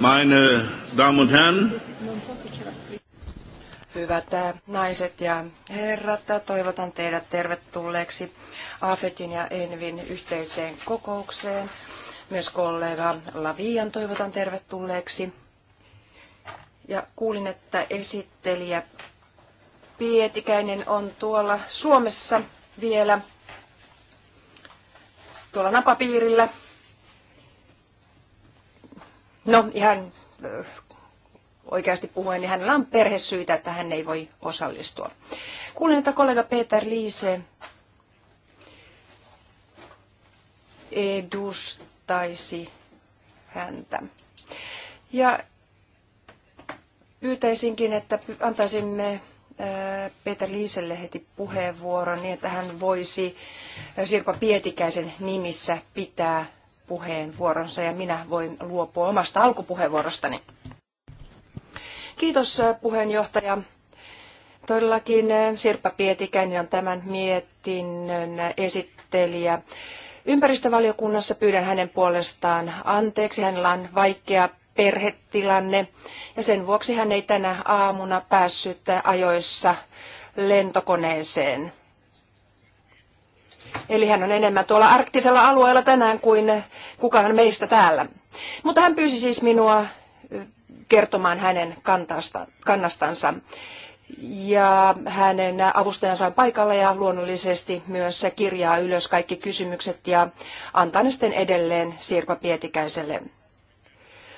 Meine Damen und Herren. Hyvät äh, naiset ja herrat, toivotan teidät tervetulleeksi AFETin ja ENVin yhteiseen kokoukseen. Myös kollega Lavian toivotan tervetulleeksi. Ja kuulin, että esittelijä Pietikäinen on tuolla Suomessa vielä tuolla napapiirillä No ihan oikeasti puhuen, niin hänellä on perhesyitä, että hän ei voi osallistua. Kuulin, että kollega Peter Liise edustaisi häntä. Ja pyytäisinkin, että antaisimme Peter Liiselle heti puheenvuoron niin, että hän voisi Sirpa Pietikäisen nimissä pitää puheenvuoronsa ja minä voin luopua omasta alkupuheenvuorostani. Kiitos äh, puheenjohtaja. Todellakin äh, Sirpa Pietikäinen on tämän mietinnön esittelijä. Ympäristövaliokunnassa pyydän hänen puolestaan anteeksi. Hänellä on vaikea perhetilanne ja sen vuoksi hän ei tänä aamuna päässyt ajoissa lentokoneeseen. Eli hän on enemmän tuolla arktisella alueella tänään kuin kukaan meistä täällä. Mutta hän pyysi siis minua kertomaan hänen kantasta, kannastansa. Ja hänen avustajansa on paikalla ja luonnollisesti myös se kirjaa ylös kaikki kysymykset ja antaa ne sitten edelleen Sirpa Pietikäiselle.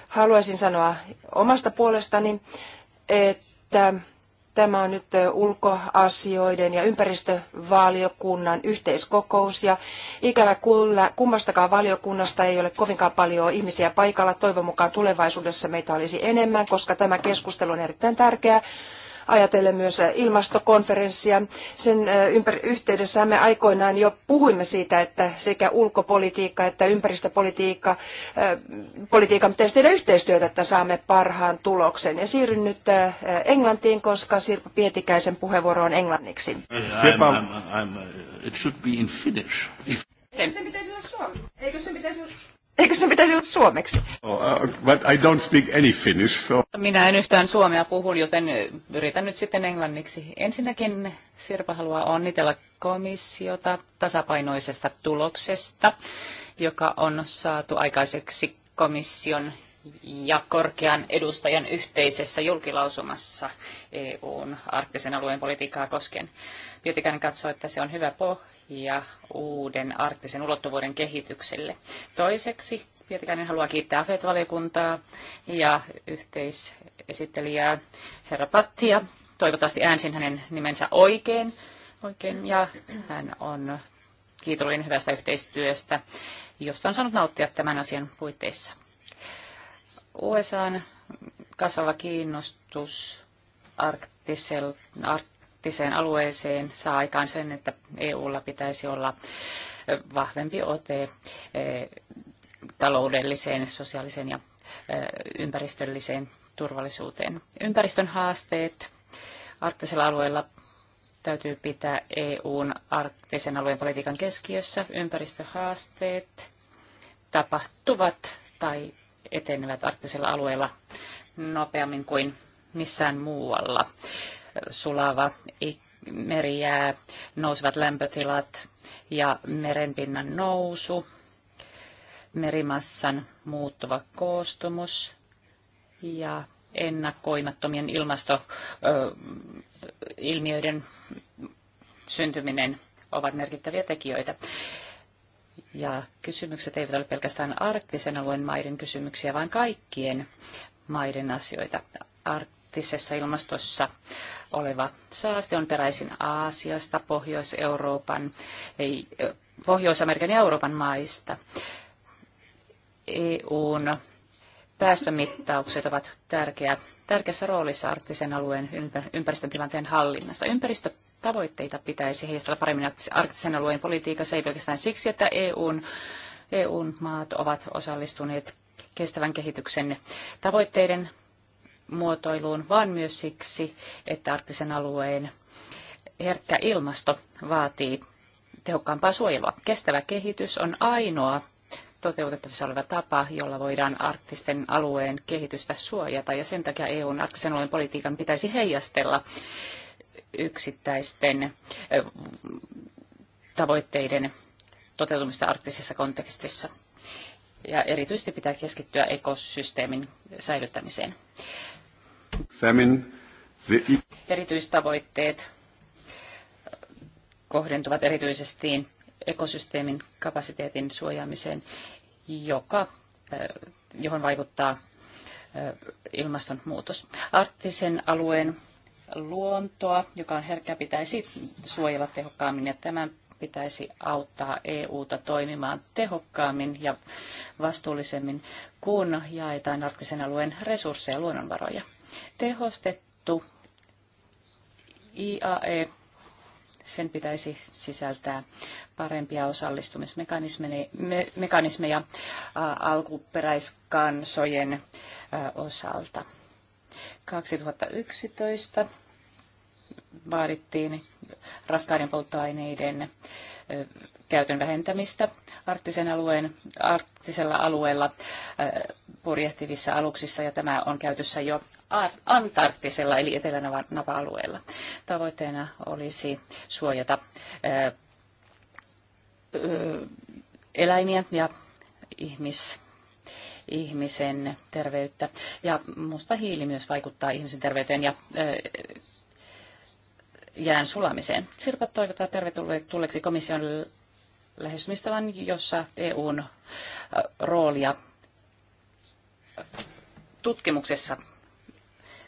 Haluaisin sanoa omasta puolestani, että Tämä on nyt ulkoasioiden ja ympäristövaliokunnan yhteiskokous ja ikävä kyllä kummastakaan valiokunnasta ei ole kovinkaan paljon ihmisiä paikalla. Toivon mukaan tulevaisuudessa meitä olisi enemmän, koska tämä keskustelu on erittäin tärkeä ajatellen myös ilmastokonferenssia. Sen ympär- yhteydessä me aikoinaan jo puhuimme siitä, että sekä ulkopolitiikka että ympäristöpolitiikka, politiikan pitäisi tehdä yhteistyötä, että saamme parhaan tuloksen. Ja siirryn nyt Englantiin, koska Sirpa Pietikäisen puheenvuoro on englanniksi. I'm, I'm, I'm, uh, it should be in Finnish. Sen. Eikö sen pitäisi olla suomi? Eikö sen pitäisi olla... Eikö sen pitäisi olla suomeksi? Oh, uh, but I don't speak any Finnish, so... Minä en yhtään suomea puhu, joten yritän nyt sitten englanniksi. Ensinnäkin Sirpa haluaa onnitella komissiota tasapainoisesta tuloksesta, joka on saatu aikaiseksi komission ja korkean edustajan yhteisessä julkilausumassa EUn arktisen alueen politiikkaa koskien. Pietikäinen katsoo, että se on hyvä pohja ja uuden arktisen ulottuvuuden kehitykselle. Toiseksi Pietikäinen haluaa kiittää AFET-valiokuntaa ja yhteisesittelijää herra Pattia. Toivottavasti äänsin hänen nimensä oikein, oikein ja hän on kiitollinen hyvästä yhteistyöstä, josta on saanut nauttia tämän asian puitteissa. USA kasvava kiinnostus arktisel, ark, arktiseen alueeseen saa aikaan sen, että EUlla pitäisi olla vahvempi ote taloudelliseen, sosiaaliseen ja ympäristölliseen turvallisuuteen. Ympäristön haasteet arktisella alueella täytyy pitää EUn arktisen alueen politiikan keskiössä. Ympäristöhaasteet tapahtuvat tai etenevät arktisella alueella nopeammin kuin missään muualla sulava merijää, nousevat lämpötilat ja merenpinnan nousu, merimassan muuttuva koostumus ja ennakoimattomien ilmastoilmiöiden syntyminen ovat merkittäviä tekijöitä. Ja kysymykset eivät ole pelkästään arktisen alueen maiden kysymyksiä, vaan kaikkien maiden asioita. Arktisessa ilmastossa oleva saaste on peräisin Aasiasta, Pohjois-Euroopan, ei, Pohjois-Amerikan ja Euroopan maista. EUn päästömittaukset ovat tärkeä, tärkeässä roolissa arktisen alueen ympäristötilanteen hallinnassa. Ympäristötavoitteita pitäisi heijastella paremmin arktisen alueen politiikassa, ei pelkästään siksi, että EUn, EUn maat ovat osallistuneet kestävän kehityksen tavoitteiden muotoiluun, vaan myös siksi, että arktisen alueen herkkä ilmasto vaatii tehokkaampaa suojelua. Kestävä kehitys on ainoa toteutettavissa oleva tapa, jolla voidaan arktisten alueen kehitystä suojata, ja sen takia EUn arktisen alueen politiikan pitäisi heijastella yksittäisten tavoitteiden toteutumista arktisessa kontekstissa. Ja erityisesti pitää keskittyä ekosysteemin säilyttämiseen. E- Erityistavoitteet kohdentuvat erityisesti ekosysteemin kapasiteetin suojaamiseen, joka, johon vaikuttaa ilmastonmuutos. Arktisen alueen luontoa, joka on herkkä, pitäisi suojella tehokkaammin ja tämän pitäisi auttaa EUta toimimaan tehokkaammin ja vastuullisemmin, kun jaetaan arktisen alueen resursseja ja luonnonvaroja. Tehostettu IAE, sen pitäisi sisältää parempia osallistumismekanismeja alkuperäiskansojen osalta. 2011 vaadittiin raskaiden polttoaineiden käytön vähentämistä arktisen alueen, arktisella alueella purjehtivissa aluksissa, ja tämä on käytössä jo Antarktisella eli Etelänapa-alueella. Tavoitteena olisi suojata eläimiä ja ihmis, ihmisen terveyttä. Ja musta hiili myös vaikuttaa ihmisen terveyteen ja jään sulamiseen. Sirpa toivottaa tervetulleeksi komission lähestymistavan, jossa EUn äh, roolia äh, tutkimuksessa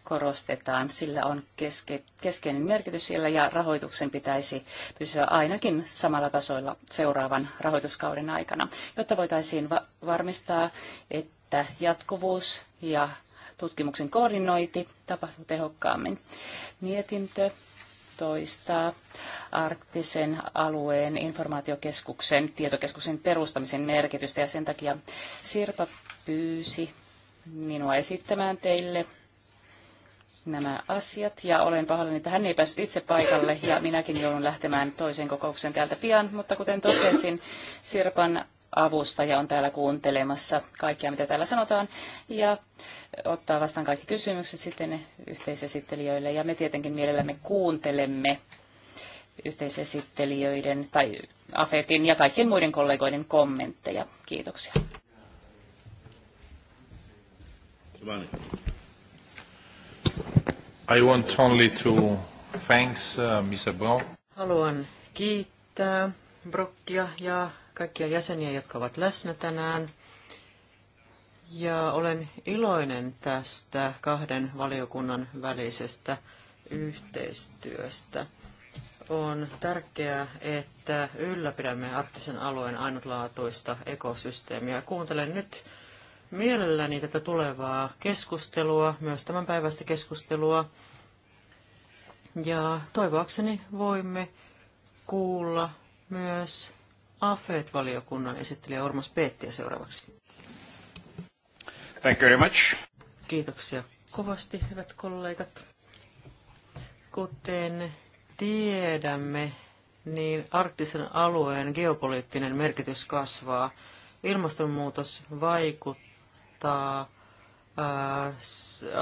korostetaan. Sillä on keske, keskeinen merkitys siellä ja rahoituksen pitäisi pysyä ainakin samalla tasolla seuraavan rahoituskauden aikana, jotta voitaisiin va- varmistaa, että jatkuvuus ja tutkimuksen koordinointi tapahtuu tehokkaammin. Mietintö toista arktisen alueen informaatiokeskuksen, tietokeskuksen perustamisen merkitystä ja sen takia Sirpa pyysi minua esittämään teille nämä asiat ja olen pahoillani, että hän ei päässyt itse paikalle ja minäkin joudun lähtemään toiseen kokoukseen täältä pian, mutta kuten totesin, Sirpan avustaja on täällä kuuntelemassa kaikkea, mitä täällä sanotaan ja ottaa vastaan kaikki kysymykset sitten yhteisesittelijöille. Ja me tietenkin mielellämme kuuntelemme yhteisesittelijöiden tai AFETin ja kaikkien muiden kollegoiden kommentteja. Kiitoksia. I want only to thanks, uh, Mr. Brock. Haluan kiittää Brockia ja kaikkia jäseniä, jotka ovat läsnä tänään. Ja olen iloinen tästä kahden valiokunnan välisestä yhteistyöstä. On tärkeää, että ylläpidämme arktisen alueen ainutlaatuista ekosysteemiä. Kuuntelen nyt mielelläni tätä tulevaa keskustelua, myös tämän päivästä keskustelua. Ja toivoakseni voimme kuulla myös AFET-valiokunnan esittelijä Ormos Peettiä seuraavaksi. Thank you very much. Kiitoksia kovasti, hyvät kollegat. Kuten tiedämme, niin arktisen alueen geopoliittinen merkitys kasvaa. Ilmastonmuutos vaikuttaa äh,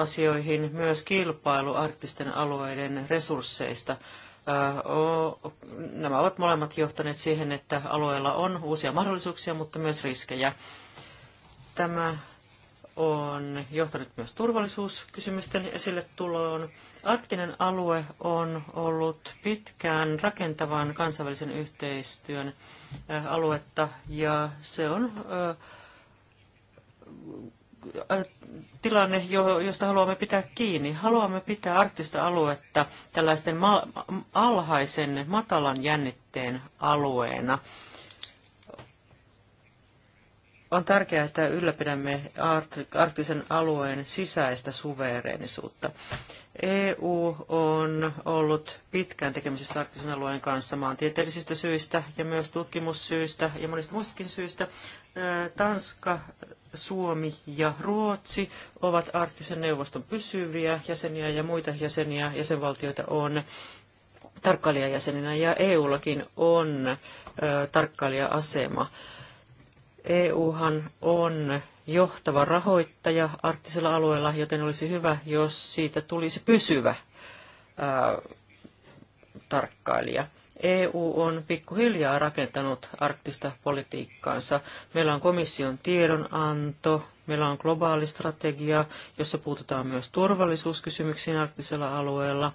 asioihin myös kilpailu arktisten alueiden resursseista. Äh, nämä ovat molemmat johtaneet siihen, että alueella on uusia mahdollisuuksia, mutta myös riskejä. Tämä on johtanut myös turvallisuuskysymysten esille tuloon. Arktinen alue on ollut pitkään rakentavan kansainvälisen yhteistyön äh, aluetta ja se on äh, äh, tilanne, josta haluamme pitää kiinni. Haluamme pitää arktista aluetta tällaisten alhaisen, matalan jännitteen alueena. On tärkeää, että ylläpidämme arktisen alueen sisäistä suvereenisuutta. EU on ollut pitkään tekemisissä arktisen alueen kanssa maantieteellisistä syistä ja myös tutkimussyistä ja monista muistakin syistä. Tanska, Suomi ja Ruotsi ovat arktisen neuvoston pysyviä jäseniä ja muita jäseniä jäsenvaltioita on tarkkailijajäseninä ja EUllakin on tarkkailija-asema. EUhan on johtava rahoittaja arktisella alueella, joten olisi hyvä, jos siitä tulisi pysyvä ää, tarkkailija. EU on pikkuhiljaa rakentanut arktista politiikkaansa. Meillä on komission tiedonanto, meillä on globaali strategia, jossa puututaan myös turvallisuuskysymyksiin arktisella alueella.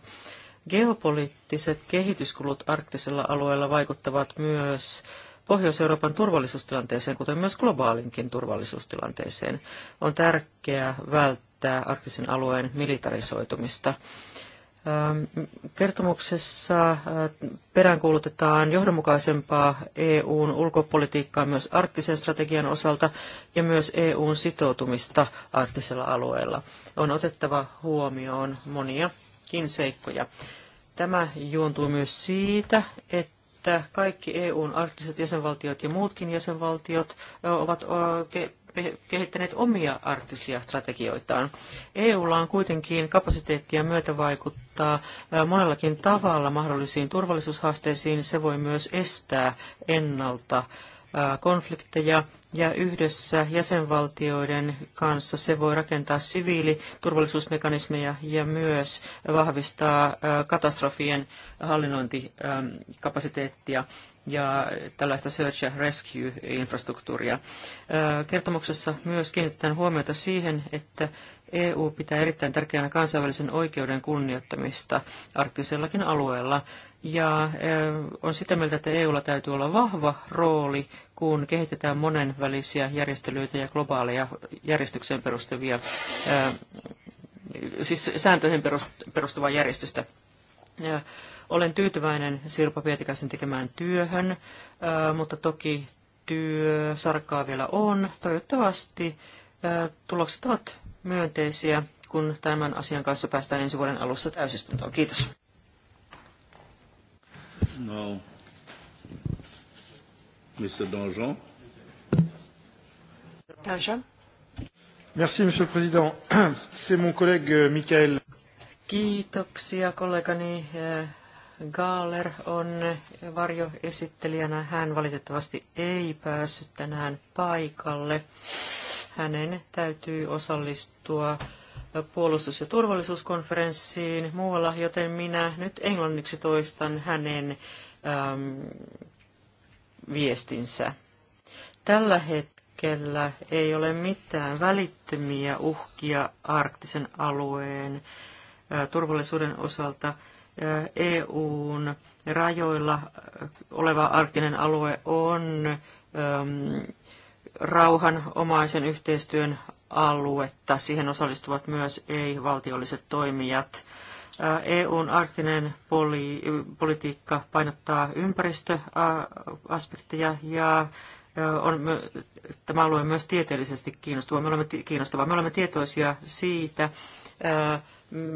Geopoliittiset kehityskulut arktisella alueella vaikuttavat myös Pohjois-Euroopan turvallisuustilanteeseen, kuten myös globaalinkin turvallisuustilanteeseen. On tärkeää välttää arktisen alueen militarisoitumista. Ähm, kertomuksessa äh, peräänkuulutetaan johdonmukaisempaa EUn ulkopolitiikkaa myös arktisen strategian osalta ja myös EUn sitoutumista arktisella alueella. On otettava huomioon moniakin seikkoja. Tämä juontuu myös siitä, että että kaikki EUn arktiset jäsenvaltiot ja muutkin jäsenvaltiot ovat kehittäneet omia arktisia strategioitaan. EUlla on kuitenkin kapasiteettia myötävaikuttaa monellakin tavalla mahdollisiin turvallisuushaasteisiin. Se voi myös estää ennalta äh, konflikteja ja yhdessä jäsenvaltioiden kanssa se voi rakentaa siviiliturvallisuusmekanismeja ja myös vahvistaa katastrofien hallinnointikapasiteettia ja tällaista search and rescue-infrastruktuuria. Kertomuksessa myös kiinnitetään huomiota siihen, että EU pitää erittäin tärkeänä kansainvälisen oikeuden kunnioittamista arktisellakin alueella ja on sitä mieltä, että EUlla täytyy olla vahva rooli, kun kehitetään monenvälisiä järjestelyitä ja globaaleja järjestykseen perustuvia, siis sääntöihin perustuvaa järjestystä. Olen tyytyväinen Sirpa Pietikäisen tekemään työhön, mutta toki työsarkaa vielä on. Toivottavasti tulokset ovat myönteisiä, kun tämän asian kanssa päästään ensi vuoden alussa täysistuntoon. Kiitos. No. Mr. Donjon. Danjean. Merci, Monsieur le Président. C'est mon collègue euh, Michael. Kiitoksia kollegani äh, Gaaler on varjoesittelijänä. Hän valitettavasti ei päässyt tänään paikalle. Hänen täytyy osallistua puolustus- ja turvallisuuskonferenssiin muualla, joten minä nyt englanniksi toistan hänen äm, viestinsä. Tällä hetkellä ei ole mitään välittömiä uhkia arktisen alueen ä, äh, turvallisuuden osalta. Ä, äh, EUn rajoilla äh, oleva arktinen alue on äm, rauhanomaisen yhteistyön aluetta. Siihen osallistuvat myös ei-valtiolliset toimijat. EUn arktinen poli- politiikka painottaa ympäristöaspekteja ja on, tämä alue on myös tieteellisesti kiinnostava. Me olemme, kiinnostava. Me olemme tietoisia siitä,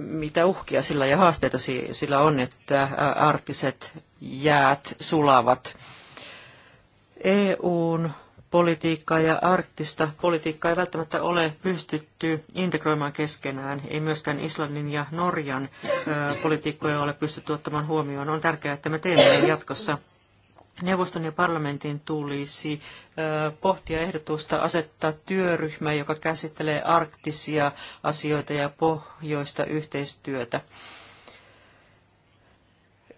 mitä uhkia sillä ja haasteita sillä on, että arktiset jäät sulavat. EUn politiikkaa ja arktista politiikkaa ei välttämättä ole pystytty integroimaan keskenään. Ei myöskään Islannin ja Norjan politiikkoja ole pystytty ottamaan huomioon. On tärkeää, että me teemme näin jatkossa. Neuvoston ja parlamentin tulisi pohtia ehdotusta asettaa työryhmä, joka käsittelee arktisia asioita ja pohjoista yhteistyötä.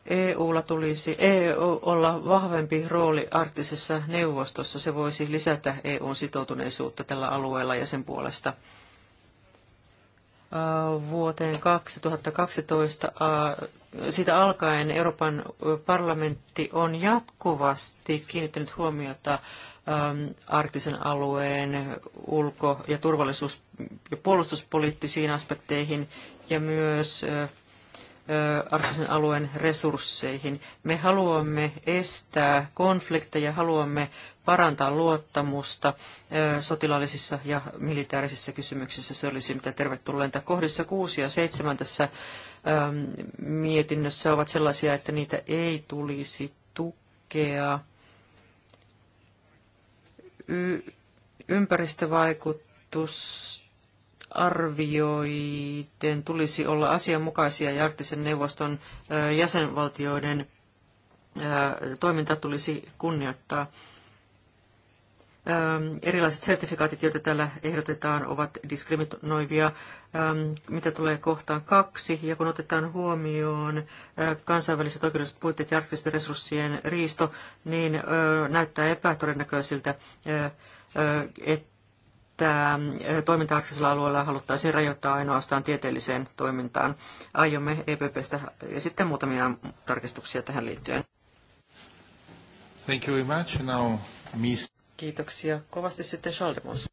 EUlla tulisi EU olla vahvempi rooli arktisessa neuvostossa. Se voisi lisätä EUn sitoutuneisuutta tällä alueella ja sen puolesta. Vuoteen 2012 siitä alkaen Euroopan parlamentti on jatkuvasti kiinnittänyt huomiota arktisen alueen ulko- ja turvallisuus- ja puolustuspoliittisiin aspekteihin ja myös arktisen alueen resursseihin. Me haluamme estää konflikteja, haluamme parantaa luottamusta sotilaallisissa ja militaarisissa kysymyksissä. Se olisi mitä tervetulleinta. Kohdissa 6 ja 7 tässä mietinnössä ovat sellaisia, että niitä ei tulisi tukea. Y- ympäristövaikutus arvioiden tulisi olla asianmukaisia ja arktisen neuvoston jäsenvaltioiden toiminta tulisi kunnioittaa. Erilaiset sertifikaatit, joita täällä ehdotetaan, ovat diskriminoivia, mitä tulee kohtaan kaksi. Ja kun otetaan huomioon kansainväliset oikeudelliset puitteet ja arktisten resurssien riisto, niin näyttää epätodennäköisiltä, että että eh, toiminta arktisella alueella haluttaisiin rajoittaa ainoastaan tieteelliseen toimintaan. Aiomme EPPstä esittää muutamia tarkistuksia tähän liittyen. Thank you very much. Now, miss... Kiitoksia kovasti sitten Schaldemus.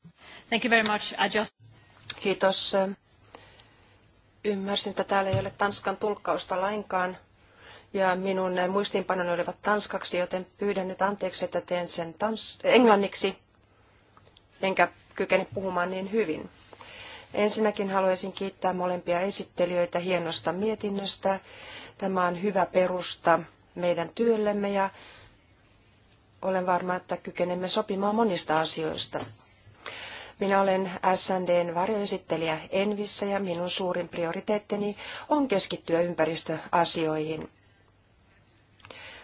Thank you very much. I just... Kiitos. Ymmärsin, että täällä ei ole Tanskan tulkkausta lainkaan. Ja minun muistiinpanoni olivat tanskaksi, joten pyydän nyt anteeksi, että teen sen tans- englanniksi enkä kykene puhumaan niin hyvin. Ensinnäkin haluaisin kiittää molempia esittelijöitä hienosta mietinnöstä. Tämä on hyvä perusta meidän työllemme ja olen varma, että kykenemme sopimaan monista asioista. Minä olen SNDn varjoesittelijä Envissä ja minun suurin prioriteettini on keskittyä ympäristöasioihin.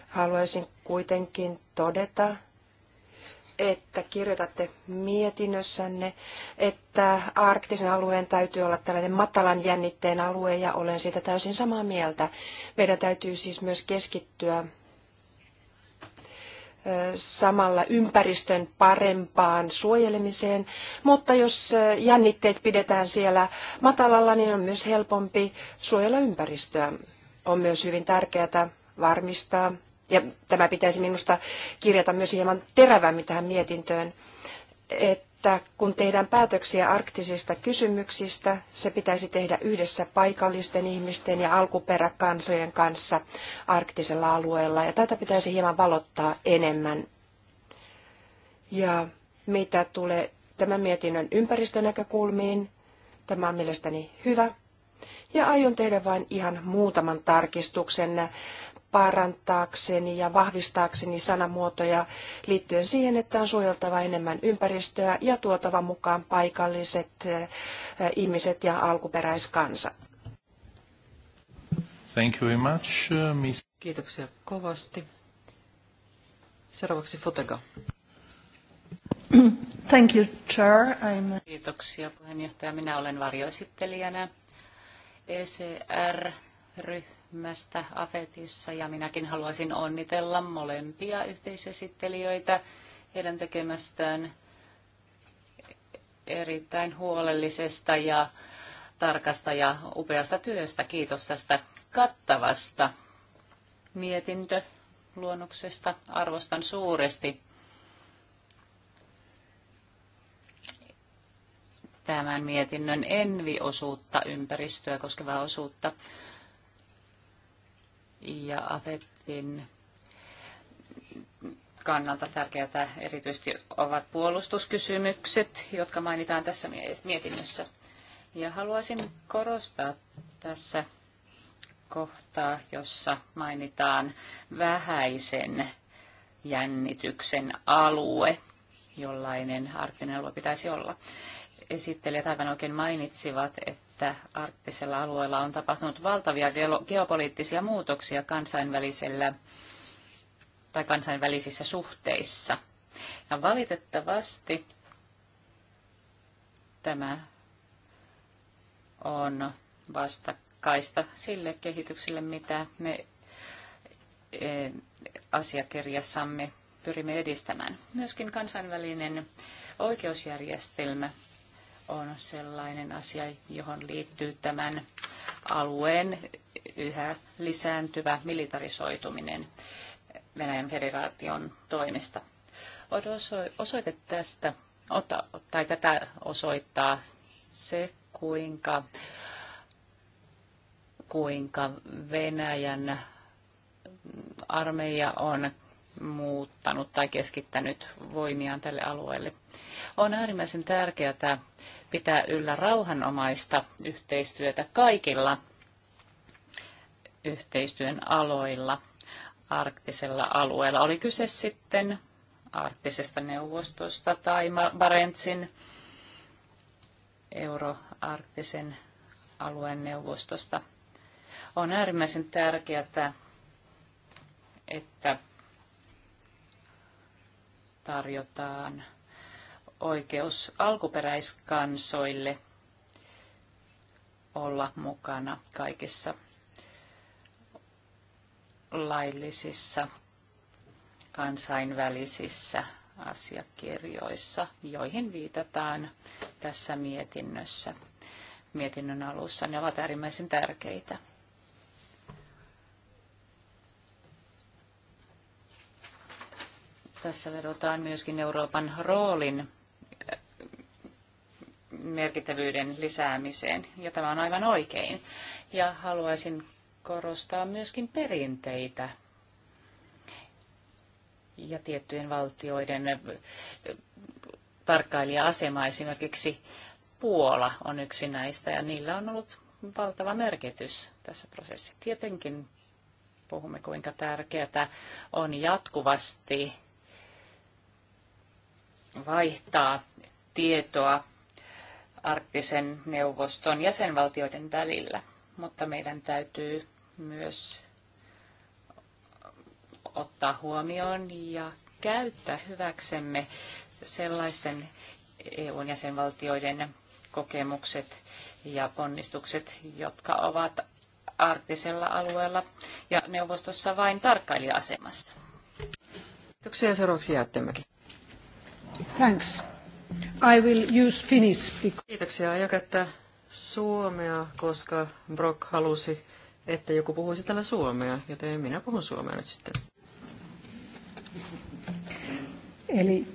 Haluaisin kuitenkin todeta, että kirjoitatte mietinnössänne, että arktisen alueen täytyy olla tällainen matalan jännitteen alue ja olen siitä täysin samaa mieltä. Meidän täytyy siis myös keskittyä samalla ympäristön parempaan suojelemiseen, mutta jos jännitteet pidetään siellä matalalla, niin on myös helpompi suojella ympäristöä. On myös hyvin tärkeää varmistaa, ja tämä pitäisi minusta kirjata myös hieman terävämmin tähän mietintöön, että kun tehdään päätöksiä arktisista kysymyksistä, se pitäisi tehdä yhdessä paikallisten ihmisten ja alkuperäkansojen kanssa arktisella alueella. Ja tätä pitäisi hieman valottaa enemmän. Ja mitä tulee tämän mietinnön ympäristönäkökulmiin, tämä on mielestäni hyvä. Ja aion tehdä vain ihan muutaman tarkistuksen parantaakseni ja vahvistaakseni sanamuotoja liittyen siihen, että on suojeltava enemmän ympäristöä ja tuotava mukaan paikalliset eh, ihmiset ja alkuperäiskansa. Thank you very much, eh, miss. Kiitoksia kovasti. Seuraavaksi Fotega. Thank you, Chair. I'm... Kiitoksia puheenjohtaja. Minä olen varjoesittelijänä. ECR-ryhmä ryhmästä AFETissa ja minäkin haluaisin onnitella molempia yhteisesittelijöitä heidän tekemästään erittäin huolellisesta ja tarkasta ja upeasta työstä. Kiitos tästä kattavasta mietintöluonnoksesta. Arvostan suuresti tämän mietinnön enviosuutta, ympäristöä koskevaa osuutta ja AFETin kannalta tärkeitä erityisesti ovat puolustuskysymykset, jotka mainitaan tässä mietinnössä. Ja haluaisin korostaa tässä kohtaa, jossa mainitaan vähäisen jännityksen alue, jollainen arktinen alue pitäisi olla. Esittelijät aivan oikein mainitsivat, että että arktisella alueella on tapahtunut valtavia geopoliittisia muutoksia kansainvälisellä tai kansainvälisissä suhteissa. Ja valitettavasti tämä on vastakkaista sille kehitykselle, mitä me e, asiakirjassamme pyrimme edistämään. Myöskin kansainvälinen oikeusjärjestelmä on sellainen asia, johon liittyy tämän alueen yhä lisääntyvä militarisoituminen Venäjän federaation toimesta. Osoite tästä, tai tätä osoittaa se, kuinka, kuinka Venäjän armeija on muuttanut tai keskittänyt voimiaan tälle alueelle. On äärimmäisen tärkeää pitää yllä rauhanomaista yhteistyötä kaikilla yhteistyön aloilla arktisella alueella. Oli kyse sitten arktisesta neuvostosta tai Barentsin euroarktisen alueen neuvostosta. On äärimmäisen tärkeää, että tarjotaan oikeus alkuperäiskansoille olla mukana kaikissa laillisissa kansainvälisissä asiakirjoissa, joihin viitataan tässä mietinnössä, mietinnön alussa. Ne ovat äärimmäisen tärkeitä. Tässä vedotaan myöskin Euroopan roolin merkittävyyden lisäämiseen, ja tämä on aivan oikein. Ja haluaisin korostaa myöskin perinteitä ja tiettyjen valtioiden tarkkailija-asema, esimerkiksi Puola on yksi näistä, ja niillä on ollut valtava merkitys tässä prosessissa. Tietenkin puhumme, kuinka tärkeää on jatkuvasti vaihtaa tietoa arktisen neuvoston jäsenvaltioiden välillä, mutta meidän täytyy myös ottaa huomioon ja käyttää hyväksemme sellaisten EUn jäsenvaltioiden kokemukset ja ponnistukset, jotka ovat arktisella alueella ja neuvostossa vain tarkkailija-asemassa. Kiitoksia seuraavaksi Thanks. I will use Finnish. Kiitoksia. Aion käyttää suomea, koska Brock halusi, että joku puhuisi tällä suomea, joten minä puhun suomea nyt sitten. Eli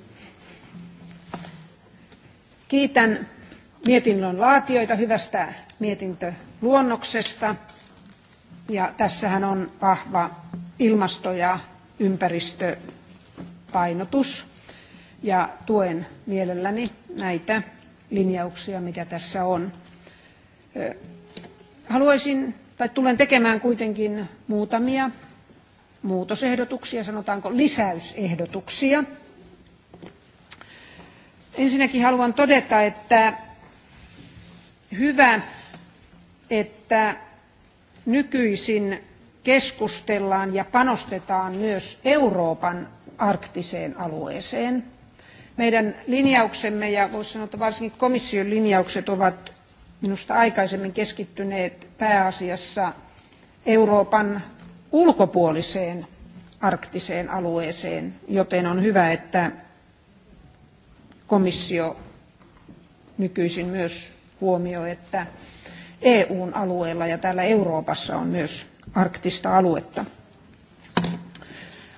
kiitän mietinnön laatioita hyvästä mietintöluonnoksesta. Ja tässähän on vahva ilmasto- ja ympäristöpainotus ja tuen mielelläni näitä linjauksia, mitä tässä on. Haluaisin tai tulen tekemään kuitenkin muutamia muutosehdotuksia, sanotaanko lisäysehdotuksia. Ensinnäkin haluan todeta, että hyvä, että nykyisin keskustellaan ja panostetaan myös Euroopan arktiseen alueeseen. Meidän linjauksemme ja voisi sanoa, että varsinkin komission linjaukset ovat minusta aikaisemmin keskittyneet pääasiassa Euroopan ulkopuoliseen arktiseen alueeseen, joten on hyvä, että komissio nykyisin myös huomioi, että EUn alueella ja täällä Euroopassa on myös arktista aluetta.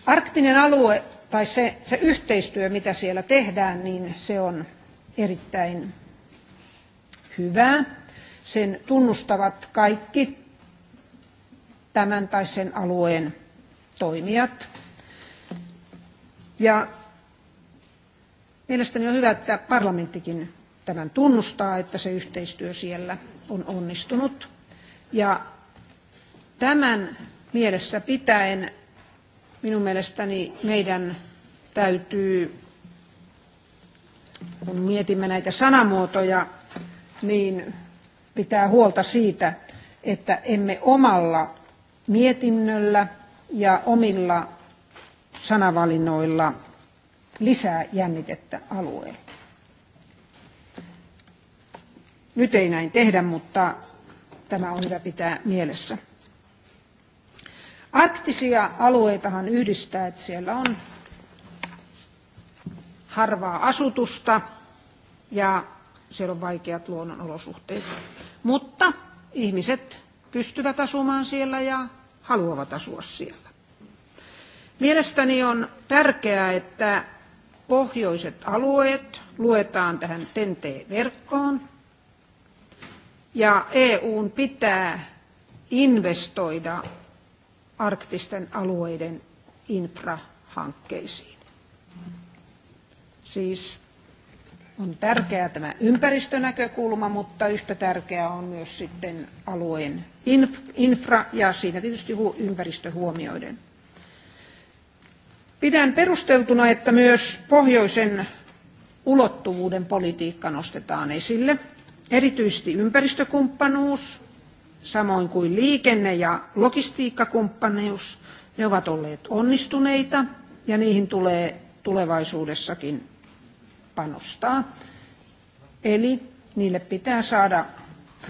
Arktinen alue tai se, se yhteistyö, mitä siellä tehdään, niin se on erittäin hyvää. Sen tunnustavat kaikki tämän tai sen alueen toimijat. Ja mielestäni on hyvä, että parlamenttikin tämän tunnustaa, että se yhteistyö siellä on onnistunut. Ja tämän mielessä pitäen Minun mielestäni meidän täytyy, kun mietimme näitä sanamuotoja, niin pitää huolta siitä, että emme omalla mietinnöllä ja omilla sanavalinnoilla lisää jännitettä alueelle. Nyt ei näin tehdä, mutta tämä on hyvä pitää mielessä. Arktisia alueitahan yhdistää, että siellä on harvaa asutusta ja siellä on vaikeat luonnonolosuhteet. Mutta ihmiset pystyvät asumaan siellä ja haluavat asua siellä. Mielestäni on tärkeää, että pohjoiset alueet luetaan tähän TEN-T-verkkoon ja EUn pitää investoida arktisten alueiden infrahankkeisiin. Siis on tärkeää tämä ympäristönäkökulma, mutta yhtä tärkeää on myös sitten alueen infra ja siinä tietysti ympäristö huomioiden. Pidän perusteltuna, että myös pohjoisen ulottuvuuden politiikka nostetaan esille, erityisesti ympäristökumppanuus, samoin kuin liikenne- ja logistiikkakumppanuus, ne ovat olleet onnistuneita ja niihin tulee tulevaisuudessakin panostaa. Eli niille pitää saada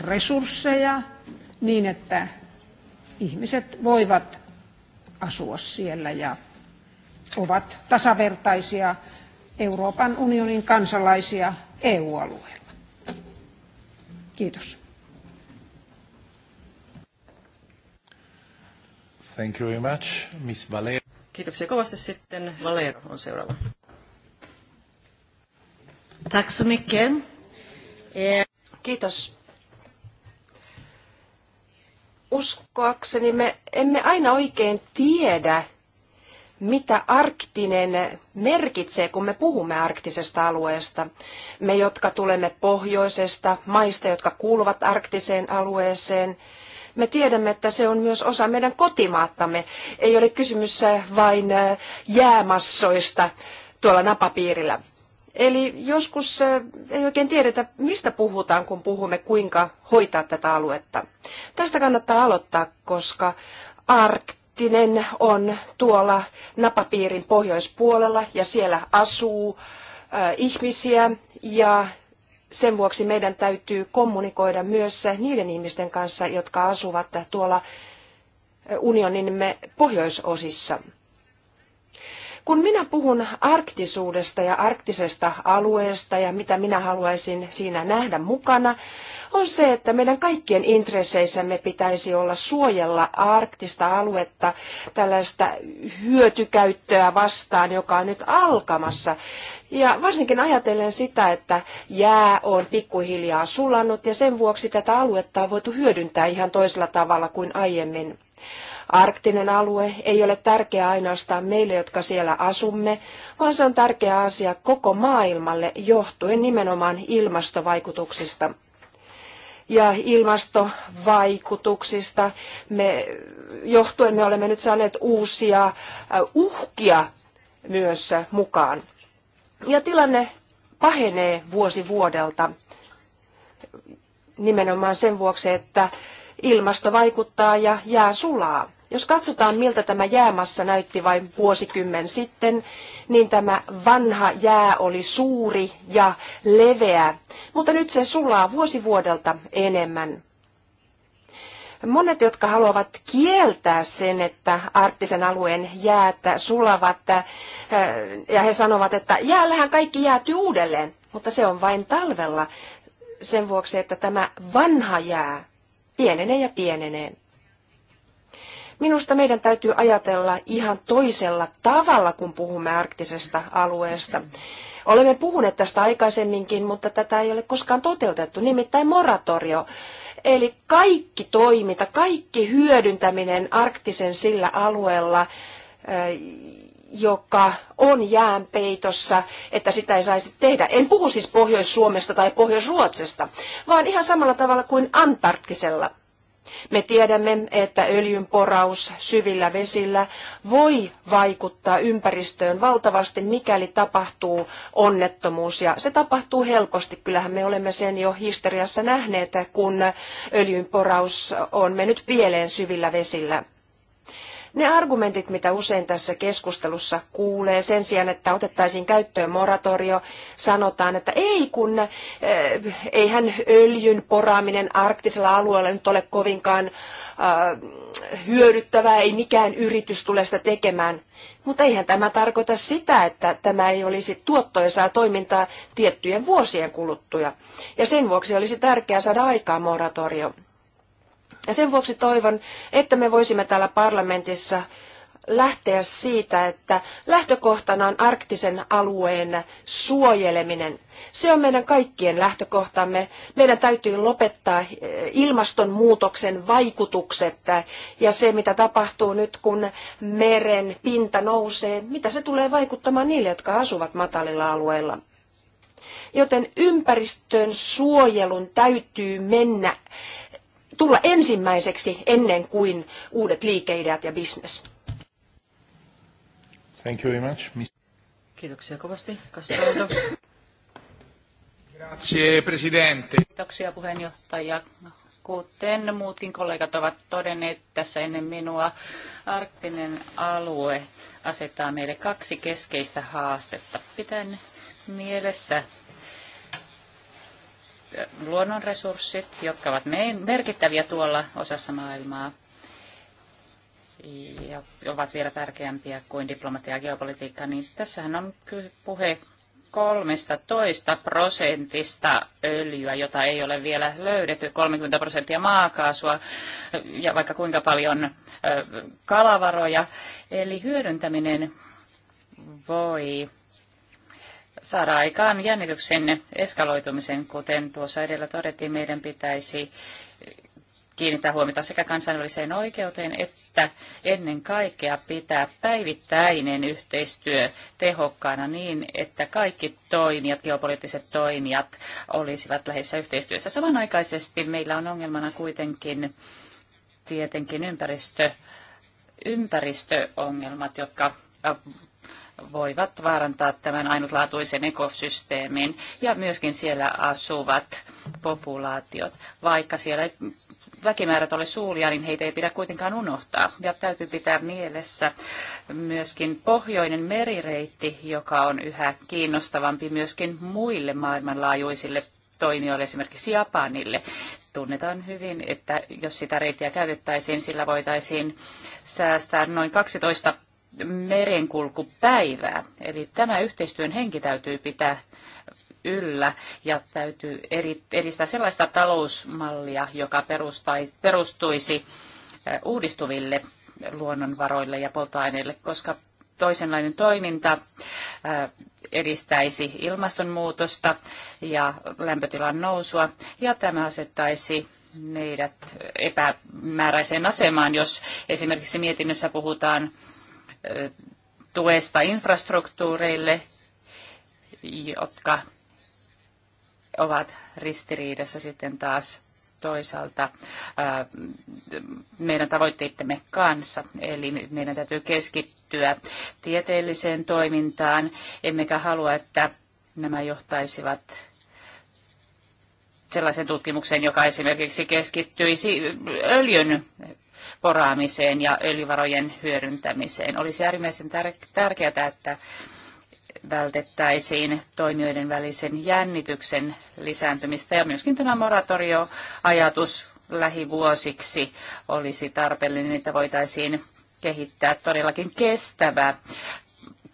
resursseja niin, että ihmiset voivat asua siellä ja ovat tasavertaisia Euroopan unionin kansalaisia EU-alueella. Kiitos. Thank you very much, Miss Valero. Kiitoksia kovasti sitten. Valero on seuraava. Tack så mycket. Eh, Kiitos. Uskoakseni me emme aina oikein tiedä, mitä arktinen merkitsee, kun me puhumme arktisesta alueesta. Me, jotka tulemme pohjoisesta, maista, jotka kuuluvat arktiseen alueeseen, me tiedämme, että se on myös osa meidän kotimaattamme. Ei ole kysymys vain äh, jäämassoista tuolla napapiirillä. Eli joskus äh, ei oikein tiedetä, mistä puhutaan, kun puhumme, kuinka hoitaa tätä aluetta. Tästä kannattaa aloittaa, koska arktinen on tuolla napapiirin pohjoispuolella ja siellä asuu äh, ihmisiä ja sen vuoksi meidän täytyy kommunikoida myös niiden ihmisten kanssa, jotka asuvat tuolla unionimme pohjoisosissa. Kun minä puhun arktisuudesta ja arktisesta alueesta ja mitä minä haluaisin siinä nähdä mukana, on se, että meidän kaikkien intresseissämme pitäisi olla suojella arktista aluetta tällaista hyötykäyttöä vastaan, joka on nyt alkamassa. Ja varsinkin ajatellen sitä, että jää on pikkuhiljaa sulanut ja sen vuoksi tätä aluetta on voitu hyödyntää ihan toisella tavalla kuin aiemmin. Arktinen alue ei ole tärkeä ainoastaan meille, jotka siellä asumme, vaan se on tärkeä asia koko maailmalle johtuen nimenomaan ilmastovaikutuksista. Ja ilmastovaikutuksista me, johtuen me olemme nyt saaneet uusia äh, uhkia myös mukaan. Ja tilanne pahenee vuosi vuodelta nimenomaan sen vuoksi, että ilmasto vaikuttaa ja jää sulaa. Jos katsotaan, miltä tämä jäämassa näytti vain vuosikymmen sitten, niin tämä vanha jää oli suuri ja leveä, mutta nyt se sulaa vuosi vuodelta enemmän. Monet, jotka haluavat kieltää sen, että arktisen alueen jäätä sulavat, äh, ja he sanovat, että jäällähän kaikki jäätyy uudelleen, mutta se on vain talvella sen vuoksi, että tämä vanha jää pienenee ja pienenee. Minusta meidän täytyy ajatella ihan toisella tavalla, kun puhumme arktisesta alueesta. Olemme puhuneet tästä aikaisemminkin, mutta tätä ei ole koskaan toteutettu, nimittäin moratorio. Eli kaikki toiminta, kaikki hyödyntäminen arktisen sillä alueella, joka on jäänpeitossa, että sitä ei saisi tehdä. En puhu siis Pohjois-Suomesta tai Pohjois-Ruotsesta, vaan ihan samalla tavalla kuin Antarktisella. Me tiedämme, että öljynporaus syvillä vesillä voi vaikuttaa ympäristöön valtavasti, mikäli tapahtuu onnettomuus. Ja se tapahtuu helposti. Kyllähän me olemme sen jo historiassa nähneet, kun öljynporaus on mennyt pieleen syvillä vesillä. Ne argumentit, mitä usein tässä keskustelussa kuulee, sen sijaan, että otettaisiin käyttöön moratorio, sanotaan, että ei kun, eh, eihän öljyn poraaminen arktisella alueella nyt ole kovinkaan äh, hyödyttävää, ei mikään yritys tule sitä tekemään. Mutta eihän tämä tarkoita sitä, että tämä ei olisi tuottoisaa toimintaa tiettyjen vuosien kuluttua. Ja sen vuoksi olisi tärkeää saada aikaa moratorio. Ja sen vuoksi toivon, että me voisimme täällä parlamentissa lähteä siitä, että lähtökohtana on arktisen alueen suojeleminen. Se on meidän kaikkien lähtökohtamme. Meidän täytyy lopettaa eh, ilmastonmuutoksen vaikutukset ja se, mitä tapahtuu nyt, kun meren pinta nousee, mitä se tulee vaikuttamaan niille, jotka asuvat matalilla alueilla. Joten ympäristön suojelun täytyy mennä tulla ensimmäiseksi ennen kuin uudet liikeideat ja bisnes. Thank you very much. Kiitoksia kovasti. Castaldo. Grazie, presidente. Kiitoksia puheenjohtaja. Kuten muutkin kollegat ovat todenneet tässä ennen minua, arktinen alue asettaa meille kaksi keskeistä haastetta. Pitäen mielessä luonnonresurssit, jotka ovat merkittäviä tuolla osassa maailmaa ja ovat vielä tärkeämpiä kuin diplomatia ja geopolitiikka, niin tässähän on puhe 13 prosentista öljyä, jota ei ole vielä löydetty, 30 prosenttia maakaasua ja vaikka kuinka paljon kalavaroja. Eli hyödyntäminen voi saada aikaan jännityksen eskaloitumisen, kuten tuossa edellä todettiin, meidän pitäisi kiinnittää huomiota sekä kansainväliseen oikeuteen että ennen kaikkea pitää päivittäinen yhteistyö tehokkaana niin, että kaikki toimijat, geopoliittiset toimijat olisivat läheisessä yhteistyössä. Samanaikaisesti meillä on ongelmana kuitenkin tietenkin ympäristö, ympäristöongelmat, jotka voivat vaarantaa tämän ainutlaatuisen ekosysteemin ja myöskin siellä asuvat populaatiot. Vaikka siellä ei väkimäärät ole suuria, niin heitä ei pidä kuitenkaan unohtaa. Ja täytyy pitää mielessä myöskin pohjoinen merireitti, joka on yhä kiinnostavampi myöskin muille maailmanlaajuisille toimijoille, esimerkiksi Japanille. Tunnetaan hyvin, että jos sitä reittiä käytettäisiin, sillä voitaisiin säästää noin 12 merenkulkupäivää. Eli tämä yhteistyön henki täytyy pitää yllä ja täytyy edistää sellaista talousmallia, joka perustuisi uudistuville luonnonvaroille ja polttoaineille, koska toisenlainen toiminta edistäisi ilmastonmuutosta ja lämpötilan nousua ja tämä asettaisi meidät epämääräiseen asemaan, jos esimerkiksi mietinnössä puhutaan tuesta infrastruktuureille, jotka ovat ristiriidassa sitten taas toisaalta meidän tavoitteittemme kanssa. Eli meidän täytyy keskittyä tieteelliseen toimintaan, emmekä halua, että nämä johtaisivat sellaisen tutkimuksen, joka esimerkiksi keskittyisi öljyn poraamiseen ja öljyvarojen hyödyntämiseen. Olisi äärimmäisen tärkeää, että vältettäisiin toimijoiden välisen jännityksen lisääntymistä ja myöskin tämä moratorioajatus lähivuosiksi olisi tarpeellinen, että voitaisiin kehittää todellakin kestävä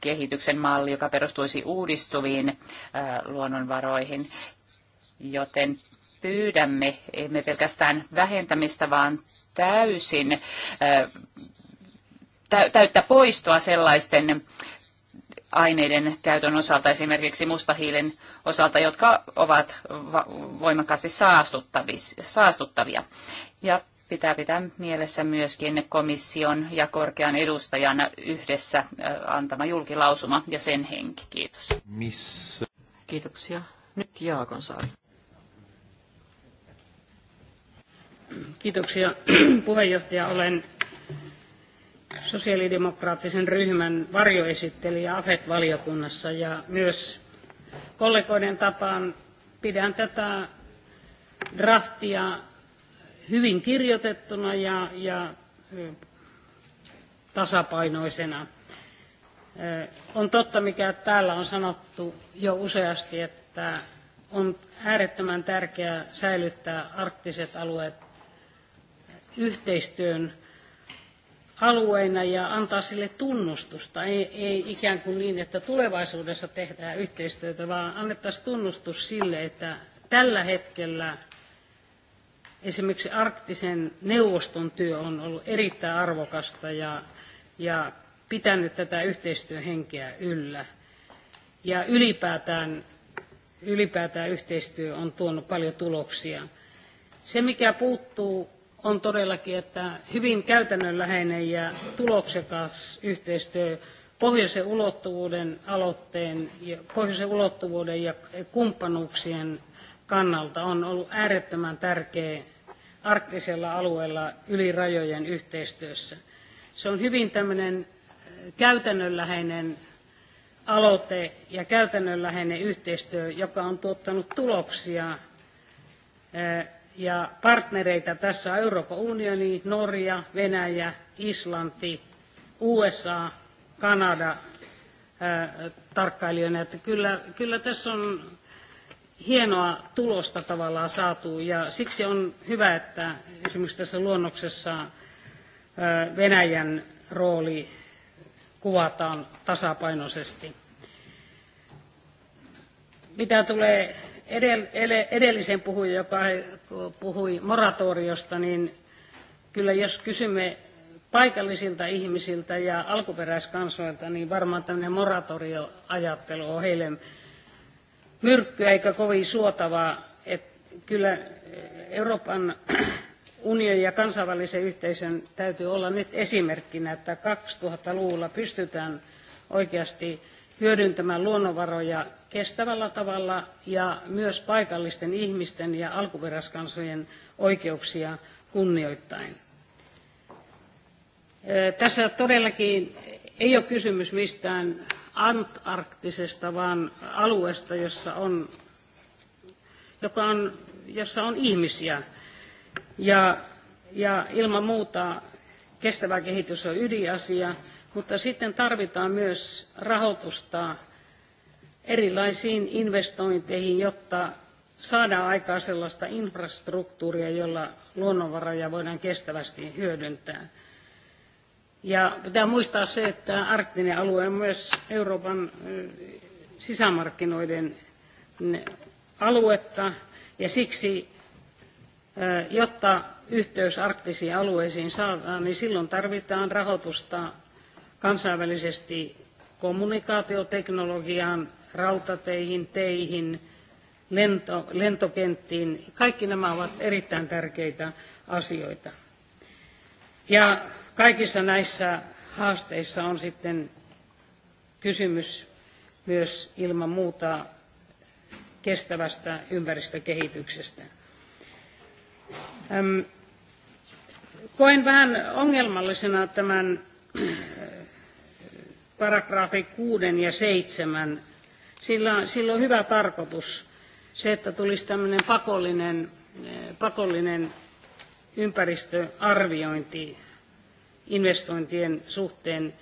kehityksen malli, joka perustuisi uudistuviin luonnonvaroihin. Joten pyydämme emme pelkästään vähentämistä, vaan täysin äh, täyttä poistoa sellaisten aineiden käytön osalta, esimerkiksi mustahiilen osalta, jotka ovat voimakkaasti saastuttavia. Ja pitää pitää mielessä myöskin komission ja korkean edustajan yhdessä äh, antama julkilausuma ja sen henki. Kiitos. Missä? Kiitoksia. Nyt Jaakonsaari. Kiitoksia puheenjohtaja. Olen sosiaalidemokraattisen ryhmän varjoesittelijä AFET-valiokunnassa ja myös kollegoiden tapaan pidän tätä draftia hyvin kirjoitettuna ja, ja tasapainoisena. On totta, mikä täällä on sanottu jo useasti, että on äärettömän tärkeää säilyttää arktiset alueet yhteistyön alueena ja antaa sille tunnustusta. Ei, ei ikään kuin niin, että tulevaisuudessa tehdään yhteistyötä, vaan annettaisiin tunnustus sille, että tällä hetkellä esimerkiksi arktisen neuvoston työ on ollut erittäin arvokasta ja, ja pitänyt tätä yhteistyöhenkeä yllä. Ja ylipäätään, ylipäätään yhteistyö on tuonut paljon tuloksia. Se, mikä puuttuu on todellakin, että hyvin käytännönläheinen ja tuloksekas yhteistyö pohjoisen ulottuvuuden aloitteen ja pohjoisen ulottuvuuden ja kumppanuuksien kannalta on ollut äärettömän tärkeä arktisella alueella yli rajojen yhteistyössä. Se on hyvin tämmöinen äh, käytännönläheinen aloite ja käytännönläheinen yhteistyö, joka on tuottanut tuloksia äh, ja partnereita tässä on Euroopan unioni, Norja, Venäjä, Islanti, USA, Kanada ää, tarkkailijoina. Että kyllä, kyllä tässä on hienoa tulosta tavallaan saatu ja siksi on hyvä, että esimerkiksi tässä luonnoksessa Venäjän rooli kuvataan tasapainoisesti. Mitä tulee edellisen puhujan, joka puhui moratoriosta, niin kyllä jos kysymme paikallisilta ihmisiltä ja alkuperäiskansoilta, niin varmaan tämmöinen moratorioajattelu on heille myrkkyä eikä kovin suotavaa. Et kyllä Euroopan unionin ja kansainvälisen yhteisön täytyy olla nyt esimerkkinä, että 2000-luvulla pystytään oikeasti hyödyntämään luonnonvaroja kestävällä tavalla ja myös paikallisten ihmisten ja alkuperäiskansojen oikeuksia kunnioittain. Tässä todellakin ei ole kysymys mistään antarktisesta, vaan alueesta, jossa on, joka on, jossa on ihmisiä. Ja, ja ilman muuta kestävä kehitys on ydinasia, mutta sitten tarvitaan myös rahoitusta erilaisiin investointeihin, jotta saadaan aikaan sellaista infrastruktuuria, jolla luonnonvaroja voidaan kestävästi hyödyntää. Ja pitää muistaa se, että arktinen alue on myös Euroopan sisämarkkinoiden aluetta, ja siksi, jotta yhteys arktisiin alueisiin saadaan, niin silloin tarvitaan rahoitusta kansainvälisesti kommunikaatioteknologiaan, rautateihin, teihin, lento, lentokenttiin. Kaikki nämä ovat erittäin tärkeitä asioita. Ja kaikissa näissä haasteissa on sitten kysymys myös ilman muuta kestävästä ympäristökehityksestä. Koen vähän ongelmallisena tämän paragraafi 6 ja 7 sillä, sillä on hyvä tarkoitus se, että tulisi tämmöinen pakollinen, eh, pakollinen ympäristöarviointi investointien suhteen.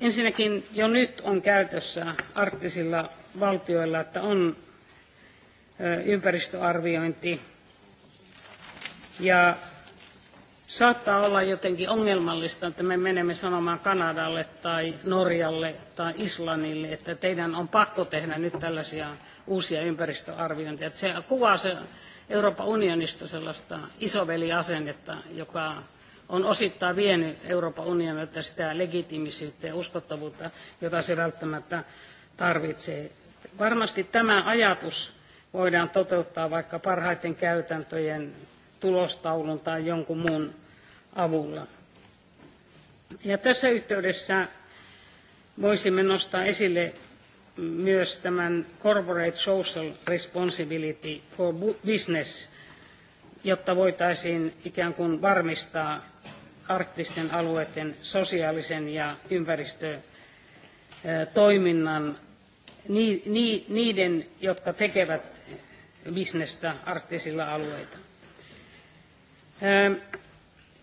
Ensinnäkin jo nyt on käytössä arktisilla valtioilla, että on eh, ympäristöarviointi. Ja saattaa olla jotenkin ongelmallista, että me menemme sanomaan Kanadalle tai Norjalle tai Islannille, että teidän on pakko tehdä nyt tällaisia uusia ympäristöarviointeja. se kuvaa se Euroopan unionista sellaista isoveliasennetta, joka on osittain vienyt Euroopan unionilta sitä legitiimisyyttä ja uskottavuutta, jota se välttämättä tarvitsee. Varmasti tämä ajatus voidaan toteuttaa vaikka parhaiten käytäntöjen tulostaulun tai jonkun muun avulla. Ja tässä yhteydessä voisimme nostaa esille myös tämän Corporate Social Responsibility for Business, jotta voitaisiin ikään kuin varmistaa arktisten alueiden sosiaalisen ja ympäristötoiminnan niiden, jotka tekevät bisnestä arktisilla alueilla.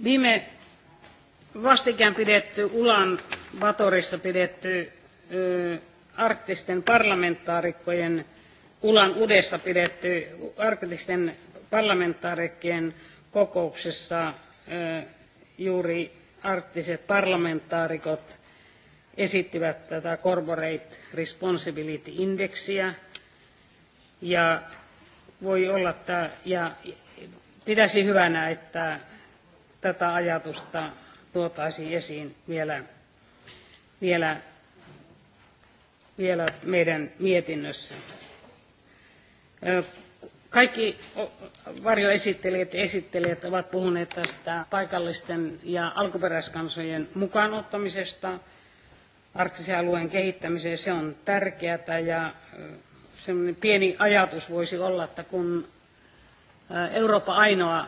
Viime vastikään pidetty Ulan Batorissa pidetty arktisten parlamentaarikkojen Ulan Udessa pidetty arktisten parlamentaarikkojen kokouksessa juuri arktiset parlamentaarikot esittivät tätä Corporate Responsibility Indexiä ja voi olla, että ja pitäisi hyvänä, että tätä ajatusta tuotaisiin esiin vielä, vielä, vielä meidän mietinnössä. Kaikki varjoesittelijät ja esittelijät ovat puhuneet tästä paikallisten ja alkuperäiskansojen mukaanottamisesta arktisen alueen kehittämiseen. Se on tärkeää ja semmoinen pieni ajatus voisi olla, että kun Euroopan ainoa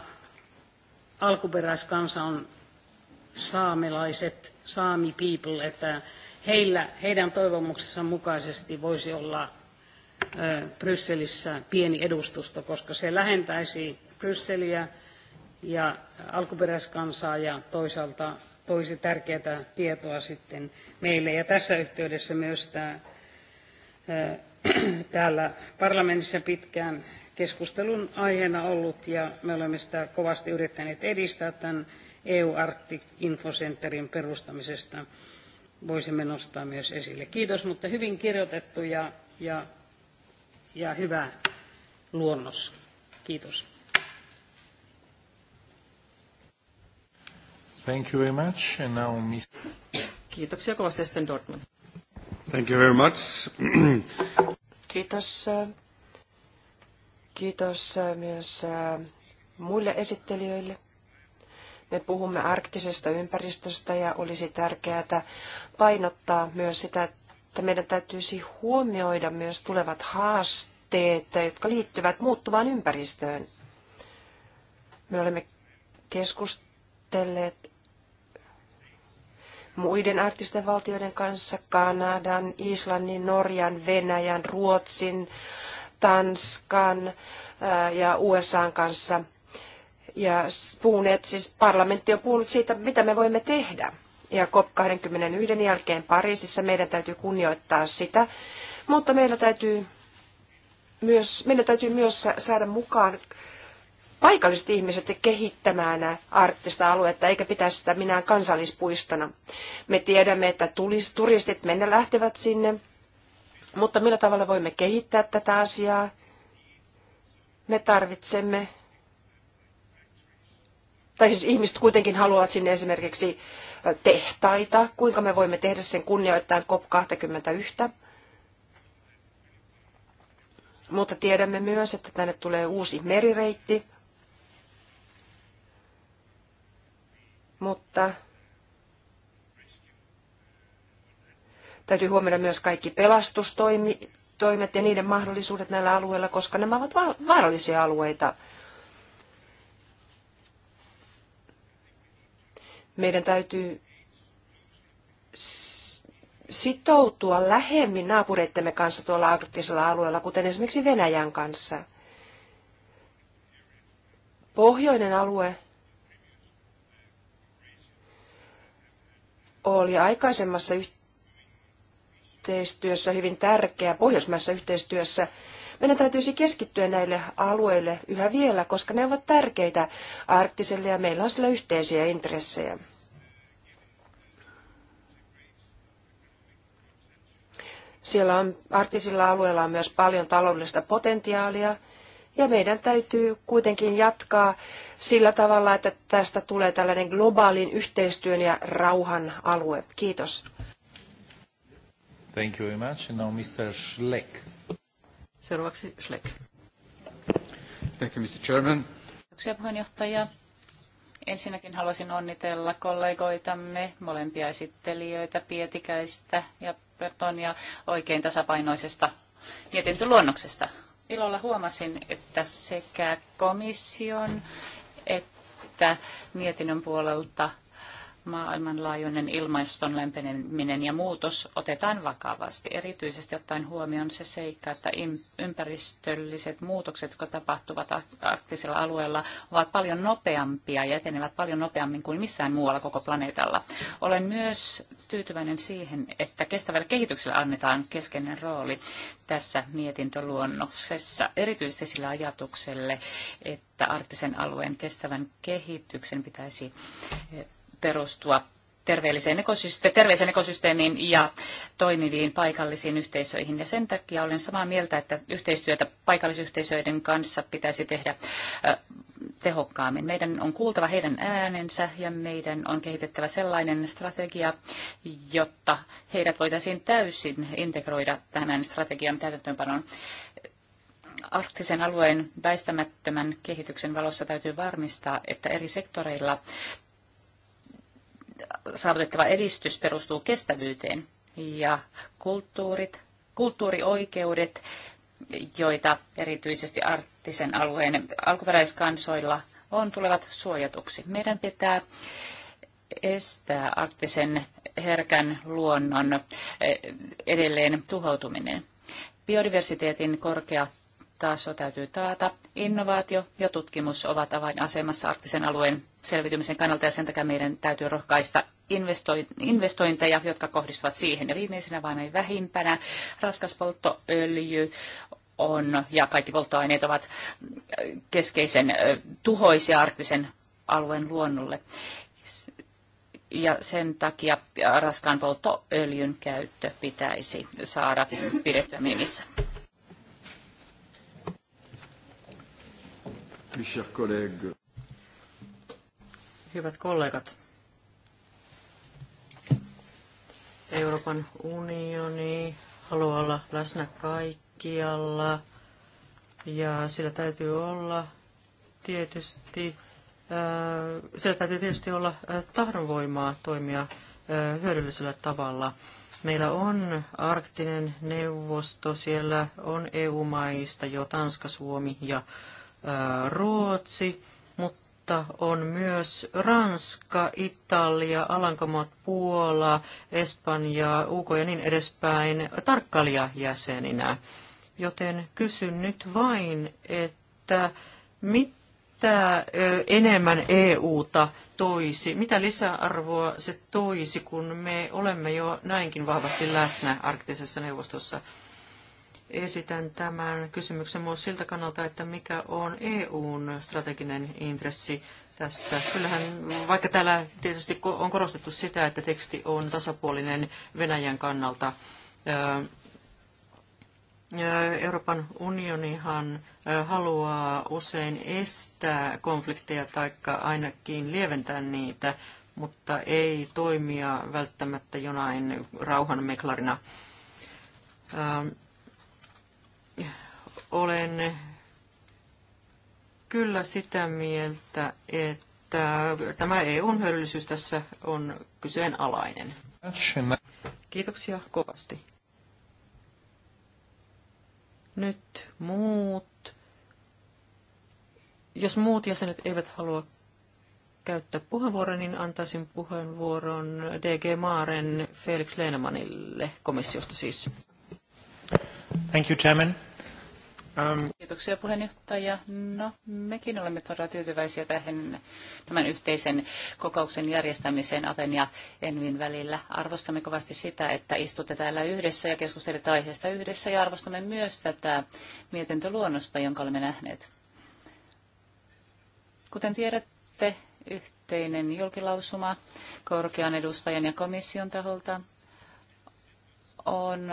alkuperäiskansa on saamelaiset, saami people, että heillä, heidän toivomuksensa mukaisesti voisi olla Brysselissä pieni edustusto, koska se lähentäisi Brysseliä ja alkuperäiskansaa ja toisaalta toisi tärkeää tietoa sitten meille. Ja tässä yhteydessä myös tämä, täällä parlamentissa pitkään keskustelun aiheena ollut ja me olemme sitä kovasti yrittäneet edistää tämän EU Arctic Infocenterin perustamisesta. Voisimme nostaa myös esille. Kiitos, mutta hyvin kirjoitettu ja, ja, ja hyvä luonnos. Kiitos. Thank you very much. And now Ms. Kiitoksia kovasti sitten Dortmund. Thank you very much. Kiitos Kiitos äh, myös äh, muille esittelijöille. Me puhumme arktisesta ympäristöstä ja olisi tärkeää painottaa myös sitä, että meidän täytyisi huomioida myös tulevat haasteet, jotka liittyvät muuttuvaan ympäristöön. Me olemme keskustelleet muiden arktisten valtioiden kanssa, Kanadan, Islannin, Norjan, Venäjän, Ruotsin, Tanskan ja USAn kanssa ja puhuneet, siis parlamentti on puhunut siitä, mitä me voimme tehdä. Ja COP21 jälkeen Pariisissa meidän täytyy kunnioittaa sitä, mutta meillä täytyy myös, meidän täytyy myös saada mukaan paikalliset ihmiset kehittämään arktista aluetta, eikä pitää sitä minään kansallispuistona. Me tiedämme, että turistit mennä lähtevät sinne mutta millä tavalla voimme kehittää tätä asiaa? Me tarvitsemme, tai siis ihmiset kuitenkin haluavat sinne esimerkiksi tehtaita, kuinka me voimme tehdä sen kunnioittain COP21. Mutta tiedämme myös, että tänne tulee uusi merireitti. Mutta Täytyy huomioida myös kaikki pelastustoimet ja niiden mahdollisuudet näillä alueilla, koska nämä ovat vaarallisia alueita. Meidän täytyy sitoutua lähemmin naapureittemme kanssa tuolla arktisella alueella, kuten esimerkiksi Venäjän kanssa. Pohjoinen alue oli aikaisemmassa yhteistyössä, hyvin tärkeä pohjoismaisessa yhteistyössä. Meidän täytyisi keskittyä näille alueille yhä vielä, koska ne ovat tärkeitä arktiselle ja meillä on sillä yhteisiä intressejä. Siellä on, arktisilla alueilla on myös paljon taloudellista potentiaalia, ja meidän täytyy kuitenkin jatkaa sillä tavalla, että tästä tulee tällainen globaalin yhteistyön ja rauhan alue. Kiitos. Thank you very much. Now Mr. Schleck. Seuraavaksi Schleck. Thank you, Mr. Chairman. Kiitoksia puheenjohtaja. Ensinnäkin haluaisin onnitella kollegoitamme, molempia esittelijöitä, Pietikäistä ja Bertonia oikein tasapainoisesta mietintöluonnoksesta. Ilolla huomasin, että sekä komission että mietinnön puolelta maailmanlaajuinen ilmaston lämpeneminen ja muutos otetaan vakavasti, erityisesti ottaen huomioon se seikka, että ympäristölliset muutokset, jotka tapahtuvat arktisella alueella, ovat paljon nopeampia ja etenevät paljon nopeammin kuin missään muualla koko planeetalla. Olen myös tyytyväinen siihen, että kestävällä kehityksellä annetaan keskeinen rooli tässä mietintöluonnoksessa, erityisesti sillä ajatukselle, että arktisen alueen kestävän kehityksen pitäisi eh, perustua terveelliseen, ekosyste- terveelliseen ekosysteemiin ja toimiviin paikallisiin yhteisöihin. Ja sen takia olen samaa mieltä, että yhteistyötä paikallisyhteisöiden kanssa pitäisi tehdä tehokkaammin. Meidän on kuultava heidän äänensä ja meidän on kehitettävä sellainen strategia, jotta heidät voitaisiin täysin integroida tämän strategian täytäntöönpanon arktisen alueen väistämättömän kehityksen valossa täytyy varmistaa, että eri sektoreilla saavutettava edistys perustuu kestävyyteen ja kulttuurit, kulttuurioikeudet, joita erityisesti arktisen alueen alkuperäiskansoilla on, tulevat suojatuksi. Meidän pitää estää arktisen herkän luonnon eh, edelleen tuhoutuminen. Biodiversiteetin korkea taso täytyy taata. Innovaatio ja tutkimus ovat avainasemassa arktisen alueen selvitymisen kannalta ja sen takia meidän täytyy rohkaista investointeja, jotka kohdistuvat siihen. Ja viimeisenä vaan ei vähimpänä raskas polttoöljy on, ja kaikki polttoaineet ovat keskeisen tuhoisia arktisen alueen luonnolle. Ja sen takia raskaan polttoöljyn käyttö pitäisi saada pidettyä minimissä. Hyvät kollegat, Euroopan unioni haluaa olla läsnä kaikkialla ja sillä täytyy olla tietysti, äh, sillä täytyy tietysti olla äh, tahdonvoimaa toimia äh, hyödyllisellä tavalla. Meillä on arktinen neuvosto, siellä on EU-maista jo Tanska, Suomi ja Ruotsi, mutta on myös Ranska, Italia, Alankomaat, Puola, Espanja, UK ja niin edespäin tarkkailijajäseninä. Joten kysyn nyt vain, että mitä enemmän EUta toisi, mitä lisäarvoa se toisi, kun me olemme jo näinkin vahvasti läsnä arktisessa neuvostossa – Esitän tämän kysymyksen myös siltä kannalta, että mikä on EUn strateginen intressi tässä. Kyllähän, vaikka täällä tietysti on korostettu sitä, että teksti on tasapuolinen Venäjän kannalta, Euroopan unionihan haluaa usein estää konflikteja tai ainakin lieventää niitä, mutta ei toimia välttämättä jonain rauhanmeklarina olen kyllä sitä mieltä, että tämä EUn hyödyllisyys tässä on kyseenalainen. Kiitoksia kovasti. Nyt muut. Jos muut jäsenet eivät halua käyttää puheenvuoroa, niin antaisin puheenvuoron DG Maaren Felix Lehnemanille komissiosta siis. Thank you, Chairman. Um, Kiitoksia puheenjohtaja. No, mekin olemme todella tyytyväisiä tähän tämän yhteisen kokouksen järjestämiseen Aven ja Envin välillä. Arvostamme kovasti sitä, että istutte täällä yhdessä ja keskustelette aiheesta yhdessä ja arvostamme myös tätä mietintöluonnosta, jonka olemme nähneet. Kuten tiedätte, yhteinen julkilausuma korkean edustajan ja komission taholta on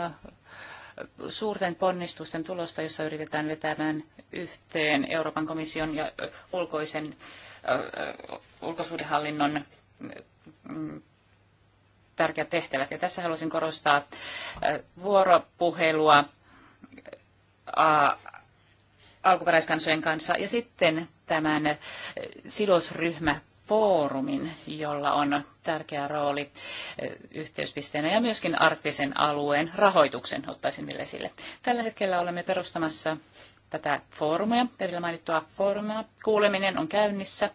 suurten ponnistusten tulosta, jossa yritetään vetämään yhteen Euroopan komission ja ulkoisen ulkosuudenhallinnon mm, mm, tärkeät tehtävät. Ja tässä haluaisin korostaa vuoropuhelua alkuperäiskansojen kanssa ja sitten tämän sidosryhmä foorumin, jolla on tärkeä rooli eh, yhteyspisteenä ja myöskin arktisen alueen rahoituksen ottaisin vielä esille. Tällä hetkellä olemme perustamassa tätä foorumia, edellä mainittua foorumia. Kuuleminen on käynnissä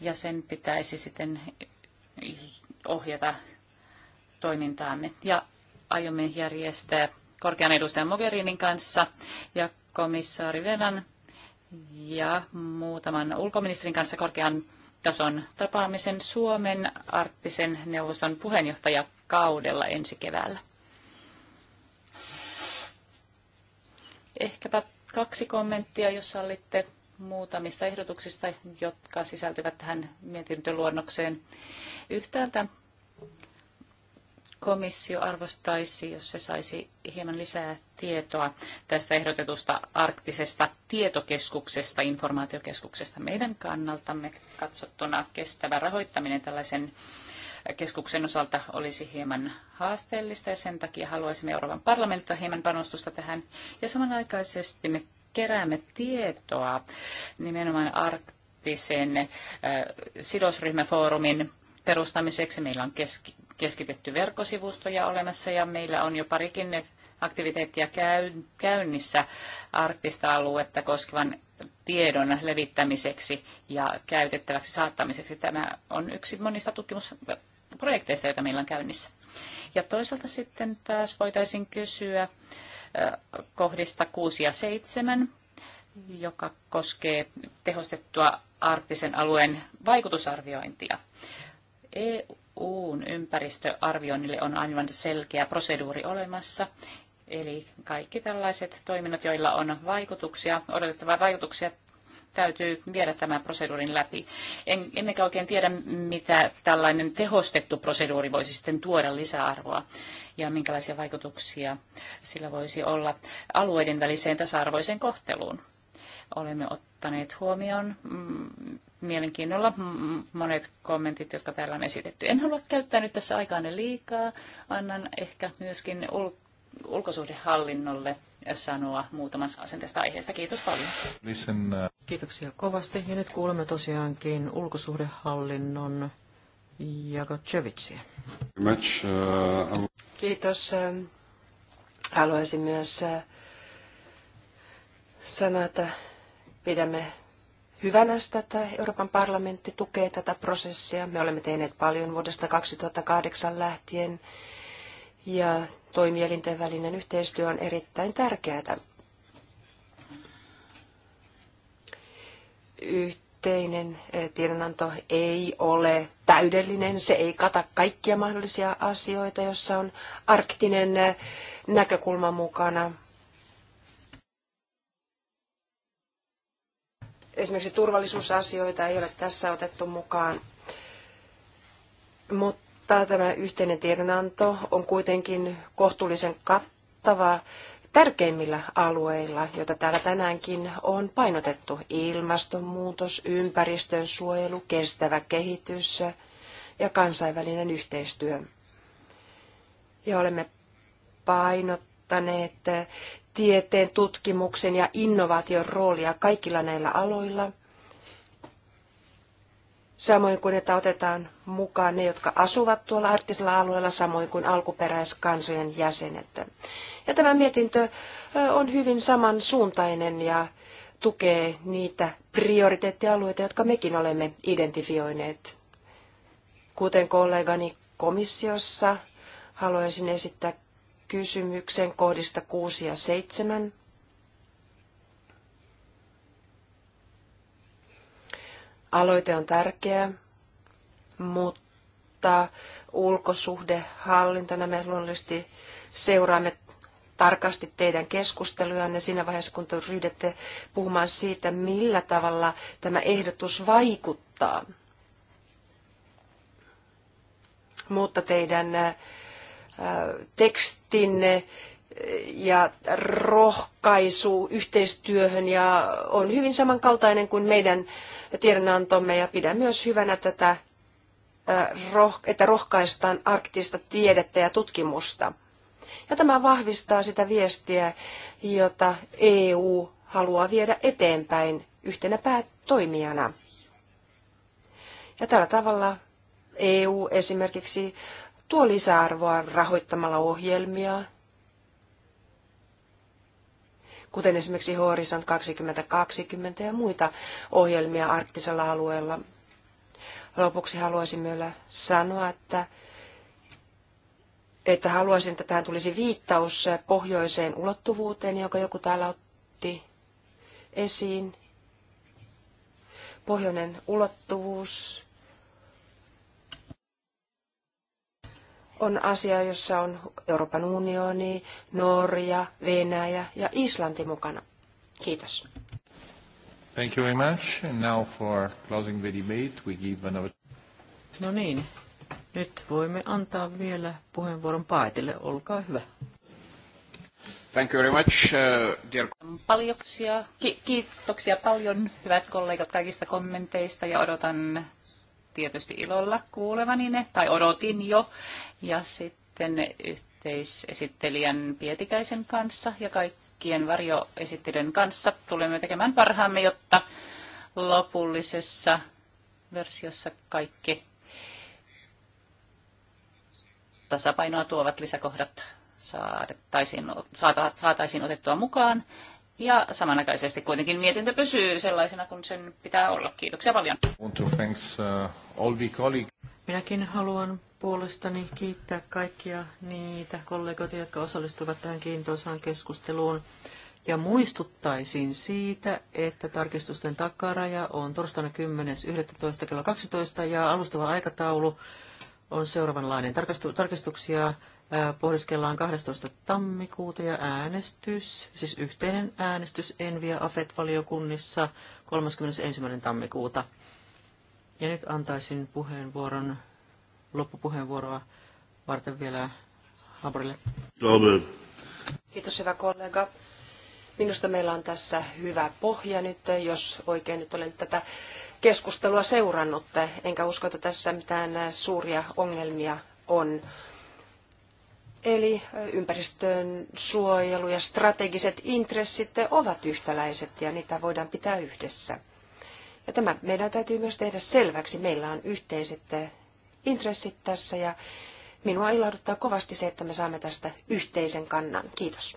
ja sen pitäisi sitten ohjata toimintaamme. Ja aiomme järjestää korkean edustajan Mogherinin kanssa ja komissaari Venan ja muutaman ulkoministerin kanssa korkean tason tapaamisen Suomen arktisen neuvoston puheenjohtajakaudella ensi keväällä. Ehkäpä kaksi kommenttia, jos sallitte muutamista ehdotuksista, jotka sisältyvät tähän mietintöluonnokseen. Yhtäältä komissio arvostaisi, jos se saisi hieman lisää tietoa tästä ehdotetusta arktisesta tietokeskuksesta, informaatiokeskuksesta meidän kannaltamme katsottuna kestävä rahoittaminen tällaisen keskuksen osalta olisi hieman haasteellista ja sen takia haluaisimme Euroopan parlamentilta hieman panostusta tähän. Ja samanaikaisesti me keräämme tietoa nimenomaan arktisen äh, sidosryhmäfoorumin perustamiseksi. Meillä on keski, keskitetty verkkosivustoja olemassa ja meillä on jo parikin aktiviteettia käynnissä arktista aluetta koskevan tiedon levittämiseksi ja käytettäväksi saattamiseksi. Tämä on yksi monista tutkimusprojekteista, joita meillä on käynnissä. Ja toisaalta sitten taas voitaisiin kysyä kohdista 6 ja 7, joka koskee tehostettua arktisen alueen vaikutusarviointia. EU, EUn ympäristöarvioinnille on aivan selkeä proseduuri olemassa. Eli kaikki tällaiset toiminnot, joilla on vaikutuksia, odotettavia vaikutuksia, täytyy viedä tämän proseduurin läpi. En, emmekä oikein tiedä, mitä tällainen tehostettu proseduuri voisi sitten tuoda lisäarvoa ja minkälaisia vaikutuksia sillä voisi olla alueiden väliseen tasa-arvoiseen kohteluun olemme ottaneet huomioon mm, mielenkiinnolla monet kommentit, jotka täällä on esitetty. En halua käyttää nyt tässä aikaanne liikaa. Annan ehkä myöskin ul- ulkosuhdehallinnolle sanoa muutaman asian tästä aiheesta. Kiitos paljon. Listen, uh... Kiitoksia kovasti. Ja nyt kuulemme tosiaankin ulkosuhdehallinnon Jakocevicia. uh... Kiitos. Haluaisin myös uh, sanoa, että pidämme hyvänä sitä, että Euroopan parlamentti tukee tätä prosessia. Me olemme tehneet paljon vuodesta 2008 lähtien ja toimielinten välinen yhteistyö on erittäin tärkeää. Yhteinen eh, tiedonanto ei ole täydellinen, se ei kata kaikkia mahdollisia asioita, jossa on arktinen eh, näkökulma mukana – esimerkiksi turvallisuusasioita ei ole tässä otettu mukaan. Mutta tämä yhteinen tiedonanto on kuitenkin kohtuullisen kattava tärkeimmillä alueilla, joita täällä tänäänkin on painotettu. Ilmastonmuutos, ympäristön suojelu, kestävä kehitys ja kansainvälinen yhteistyö. Ja olemme painottaneet tieteen, tutkimuksen ja innovaation roolia kaikilla näillä aloilla. Samoin kuin, että otetaan mukaan ne, jotka asuvat tuolla arktisella alueella, samoin kuin alkuperäiskansojen jäsenet. Ja tämä mietintö on hyvin samansuuntainen ja tukee niitä prioriteettialueita, jotka mekin olemme identifioineet. Kuten kollegani komissiossa, haluaisin esittää kysymyksen kohdista 6 ja 7. Aloite on tärkeä, mutta ulkosuhdehallintona me luonnollisesti seuraamme tarkasti teidän keskustelujanne siinä vaiheessa, kun te ryhdytte puhumaan siitä, millä tavalla tämä ehdotus vaikuttaa. Mutta teidän tekstinne ja rohkaisu yhteistyöhön ja on hyvin samankaltainen kuin meidän tiedonantomme ja pidän myös hyvänä tätä, että rohkaistaan arktista tiedettä ja tutkimusta. Ja tämä vahvistaa sitä viestiä, jota EU haluaa viedä eteenpäin yhtenä päätoimijana. Ja tällä tavalla EU esimerkiksi tuo lisäarvoa rahoittamalla ohjelmia, kuten esimerkiksi Horizon 2020 ja muita ohjelmia arktisella alueella. Lopuksi haluaisin myöllä sanoa, että, että haluaisin, että tähän tulisi viittaus pohjoiseen ulottuvuuteen, joka joku täällä otti esiin. Pohjoinen ulottuvuus on asia, jossa on Euroopan unioni, Norja, Venäjä ja Islanti mukana. Kiitos. Thank you very much. And now for closing the debate, we give another... No niin, nyt voimme antaa vielä puheenvuoron Paetille. Olkaa hyvä. Thank you very much, uh, dear... Paljoksia, ki- kiitoksia paljon, hyvät kollegat, kaikista kommenteista ja odotan tietysti ilolla kuulevani ne, tai odotin jo, ja sitten yhteisesittelijän Pietikäisen kanssa ja kaikkien varjoesittelyjen kanssa tulemme tekemään parhaamme, jotta lopullisessa versiossa kaikki tasapainoa tuovat lisäkohdat saataisiin otettua mukaan ja samanaikaisesti kuitenkin mietintö pysyy sellaisena kuin sen pitää olla. Kiitoksia paljon. Uh, Minäkin haluan puolestani kiittää kaikkia niitä kollegoita, jotka osallistuvat tähän kiintoisaan keskusteluun. Ja muistuttaisin siitä, että tarkistusten takaraja on torstaina 10.11. kello 12 ja alustava aikataulu on seuraavanlainen. Tarkistu- tarkistuksia pohdiskellaan 12. tammikuuta ja äänestys, siis yhteinen äänestys Envi- ja AFET-valiokunnissa 31. tammikuuta. Ja nyt antaisin puheenvuoron, loppupuheenvuoroa varten vielä Haborille. Kiitos hyvä kollega. Minusta meillä on tässä hyvä pohja nyt, jos oikein nyt olen tätä keskustelua seurannut, enkä usko, että tässä mitään suuria ongelmia on Eli ympäristön suojelu ja strategiset intressit ovat yhtäläiset ja niitä voidaan pitää yhdessä. Ja tämä meidän täytyy myös tehdä selväksi. Meillä on yhteiset intressit tässä ja minua ilahduttaa kovasti se, että me saamme tästä yhteisen kannan. Kiitos.